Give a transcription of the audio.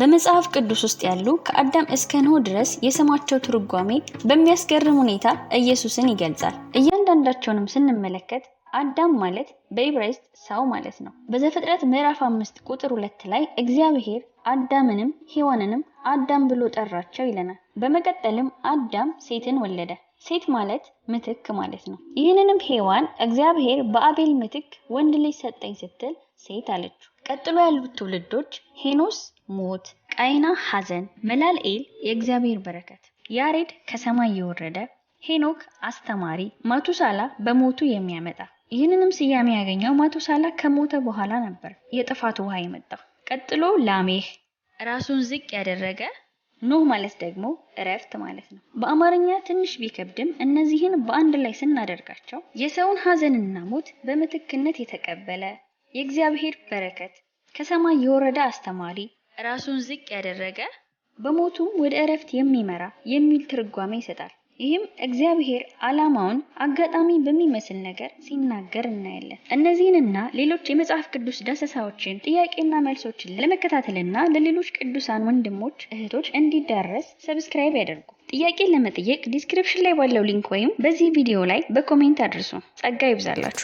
በመጽሐፍ ቅዱስ ውስጥ ያሉ ከአዳም እስከ ኖህ ድረስ የስማቸው ትርጓሜ በሚያስገርም ሁኔታ ኢየሱስን ይገልጻል። እያንዳንዳቸውንም ስንመለከት አዳም ማለት በዕብራይስጥ ሰው ማለት ነው። በዘፍጥረት ምዕራፍ አምስት ቁጥር ሁለት ላይ እግዚአብሔር አዳምንም ሔዋንንም አዳም ብሎ ጠራቸው ይለናል። በመቀጠልም አዳም ሴትን ወለደ። ሴት ማለት ምትክ ማለት ነው። ይህንንም ሔዋን እግዚአብሔር በአቤል ምትክ ወንድ ልጅ ሰጠኝ ስትል ሴት አለችው። ቀጥሎ ያሉት ትውልዶች ሄኖስ ሞት፣ ቃይና ሐዘን፣ መላልኤል የእግዚአብሔር በረከት፣ ያሬድ ከሰማይ የወረደ፣ ሄኖክ አስተማሪ፣ ማቱሳላ በሞቱ የሚያመጣ። ይህንንም ስያሜ ያገኘው ማቱሳላ ከሞተ በኋላ ነበር የጥፋት ውሃ የመጣ። ቀጥሎ ላሜህ ራሱን ዝቅ ያደረገ፣ ኖህ ማለት ደግሞ እረፍት ማለት ነው። በአማርኛ ትንሽ ቢከብድም እነዚህን በአንድ ላይ ስናደርጋቸው የሰውን ሐዘንና ሞት በምትክነት የተቀበለ የእግዚአብሔር በረከት ከሰማይ የወረደ አስተማሪ፣ ራሱን ዝቅ ያደረገ በሞቱም ወደ እረፍት የሚመራ የሚል ትርጓሜ ይሰጣል። ይህም እግዚአብሔር ዓላማውን አጋጣሚ በሚመስል ነገር ሲናገር እናያለን። እነዚህንና ሌሎች የመጽሐፍ ቅዱስ ዳሰሳዎችን ጥያቄና መልሶችን ለመከታተልና ለሌሎች ቅዱሳን ወንድሞች እህቶች እንዲዳረስ ሰብስክራይብ ያደርጉ። ጥያቄ ለመጠየቅ ዲስክሪፕሽን ላይ ባለው ሊንክ ወይም በዚህ ቪዲዮ ላይ በኮሜንት አድርሱ። ጸጋ ይብዛላችሁ።